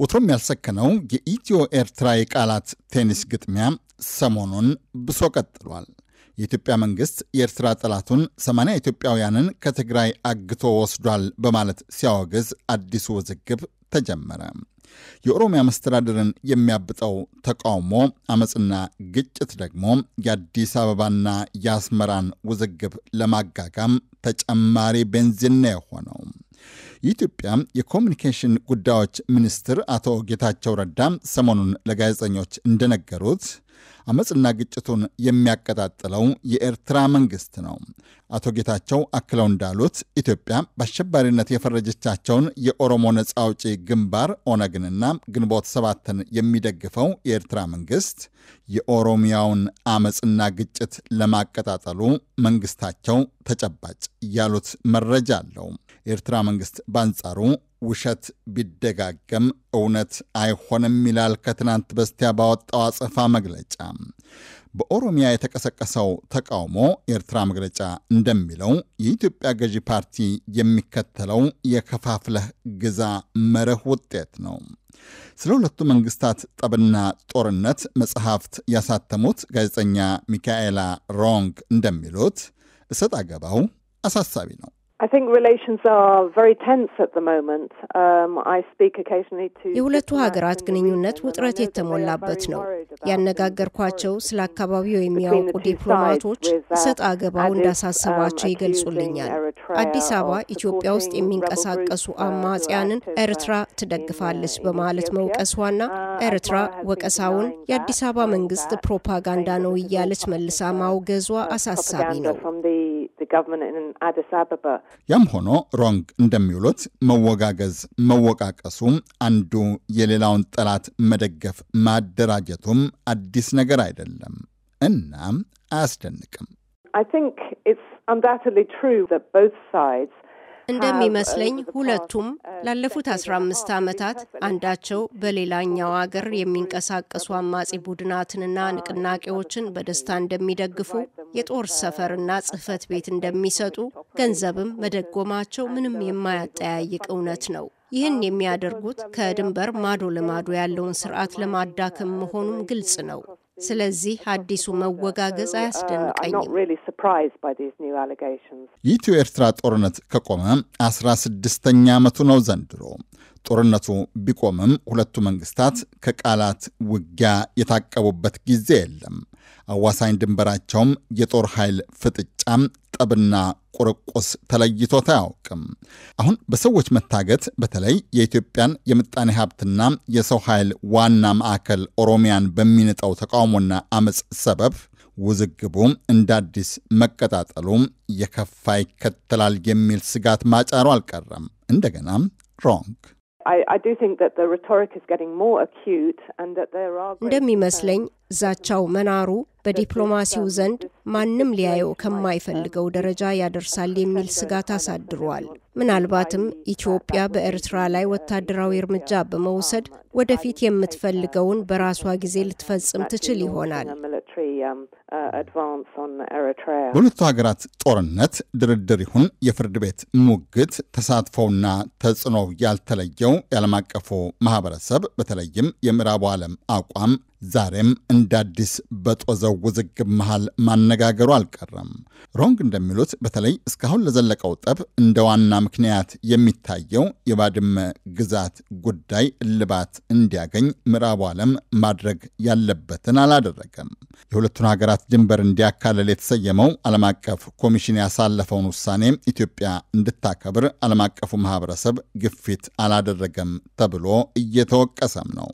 ወትሮም ያልሰከነው የኢትዮ ኤርትራ የቃላት ቴኒስ ግጥሚያ ሰሞኑን ብሶ ቀጥሏል። የኢትዮጵያ መንግስት የኤርትራ ጠላቱን 80 ኢትዮጵያውያንን ከትግራይ አግቶ ወስዷል በማለት ሲያወግዝ አዲሱ ውዝግብ ተጀመረ። የኦሮሚያ መስተዳድርን የሚያብጠው ተቃውሞ፣ አመፅና ግጭት ደግሞ የአዲስ አበባና የአስመራን ውዝግብ ለማጋጋም ተጨማሪ ቤንዚን ነው የሆነው። የኢትዮጵያ የኮሚኒኬሽን ጉዳዮች ሚኒስትር አቶ ጌታቸው ረዳ ሰሞኑን ለጋዜጠኞች እንደነገሩት አመፅና ግጭቱን የሚያቀጣጥለው የኤርትራ መንግስት ነው። አቶ ጌታቸው አክለው እንዳሉት ኢትዮጵያ በአሸባሪነት የፈረጀቻቸውን የኦሮሞ ነፃ አውጪ ግንባር ኦነግንና ግንቦት ሰባትን የሚደግፈው የኤርትራ መንግስት የኦሮሚያውን አመፅና ግጭት ለማቀጣጠሉ መንግስታቸው ተጨባጭ ያሉት መረጃ አለው። የኤርትራ መንግስት በአንጻሩ ውሸት ቢደጋገም እውነት አይሆንም ይላል ከትናንት በስቲያ ባወጣው አጸፋ መግለጫ። በኦሮሚያ የተቀሰቀሰው ተቃውሞ የኤርትራ መግለጫ እንደሚለው የኢትዮጵያ ገዢ ፓርቲ የሚከተለው የከፋፍለህ ግዛ መርህ ውጤት ነው። ስለ ሁለቱ መንግስታት ጠብና ጦርነት መጽሐፍት ያሳተሙት ጋዜጠኛ ሚካኤላ ሮንግ እንደሚሉት እሰጥ አገባው አሳሳቢ ነው። Um, የሁለቱ ሀገራት ግንኙነት ውጥረት የተሞላበት ነው። ያነጋገርኳቸው ስለ አካባቢው የሚያውቁ ዲፕሎማቶች uh, እሰጥ አገባው እንዳሳሰባቸው um, ይገልጹልኛል። አዲስ አበባ ኢትዮጵያ ውስጥ የሚንቀሳቀሱ uh, አማጽያንን uh, ኤርትራ ትደግፋለች በማለት መውቀሷና ኤርትራ ወቀሳውን የአዲስ አበባ መንግስት ፕሮፓጋንዳ ነው እያለች መልሳ ማውገዟ አሳሳቢ ነው። ያም ሆኖ ሮንግ እንደሚውሉት መወጋገዝ፣ መወቃቀሱም አንዱ የሌላውን ጠላት መደገፍ ማደራጀቱም አዲስ ነገር አይደለም። እና አያስደንቅም። እንደሚመስለኝ ሁለቱም uh, ላለፉት 15 ዓመታት አንዳቸው በሌላኛው አገር የሚንቀሳቀሱ አማጺ ቡድናትንና uh, ንቅናቄዎችን በደስታ እንደሚደግፉ፣ የጦር uh, ሰፈርና ጽህፈት ቤት እንደሚሰጡ፣ ገንዘብም መደጎማቸው ምንም የማያጠያይቅ እውነት ነው። ይህን የሚያደርጉት ከድንበር ማዶ ለማዶ ያለውን ስርዓት ለማዳከም መሆኑም ግልጽ ነው። ስለዚህ አዲሱ መወጋገዝ አያስደንቀኝም። የኢትዮ ኤርትራ ጦርነት ከቆመ አስራ ስድስተኛ ዓመቱ ነው ዘንድሮ። ጦርነቱ ቢቆምም ሁለቱ መንግስታት ከቃላት ውጊያ የታቀቡበት ጊዜ የለም። አዋሳኝ ድንበራቸውም የጦር ኃይል ፍጥጫም ጠብና ቁርቁስ ተለይቶት አያውቅም። አሁን በሰዎች መታገት በተለይ የኢትዮጵያን የምጣኔ ሀብትና የሰው ኃይል ዋና ማዕከል ኦሮሚያን በሚንጠው ተቃውሞና አመፅ ሰበብ ውዝግቡ እንደ አዲስ መቀጣጠሉ የከፋ ይከተላል የሚል ስጋት ማጫሩ አልቀረም። እንደገና ሮንግ እንደሚመስለኝ ዛቻው መናሩ በዲፕሎማሲው ዘንድ ማንም ሊያየው ከማይፈልገው ደረጃ ያደርሳል የሚል ስጋት አሳድሯል። ምናልባትም ኢትዮጵያ በኤርትራ ላይ ወታደራዊ እርምጃ በመውሰድ ወደፊት የምትፈልገውን በራሷ ጊዜ ልትፈጽም ትችል ይሆናል። በሁለቱ ሀገራት ጦርነት ድርድር ይሁን የፍርድ ቤት ሙግት ተሳትፎውና ተጽዕኖ ያልተለየው የዓለም አቀፉ ማህበረሰብ በተለይም የምዕራቡ ዓለም አቋም ዛሬም እንደ አዲስ በጦዘው ውዝግብ መሃል ማነጋገሩ አልቀረም። ሮንግ እንደሚሉት በተለይ እስካሁን ለዘለቀው ጠብ እንደ ዋና ምክንያት የሚታየው የባድመ ግዛት ጉዳይ እልባት እንዲያገኝ ምዕራቡ ዓለም ማድረግ ያለበትን አላደረገም። የሁለቱን ሀገራት ድንበር እንዲያካለል የተሰየመው ዓለም አቀፍ ኮሚሽን ያሳለፈውን ውሳኔ ኢትዮጵያ እንድታከብር ዓለም አቀፉ ማህበረሰብ ግፊት አላደረገም ተብሎ እየተወቀሰም ነው።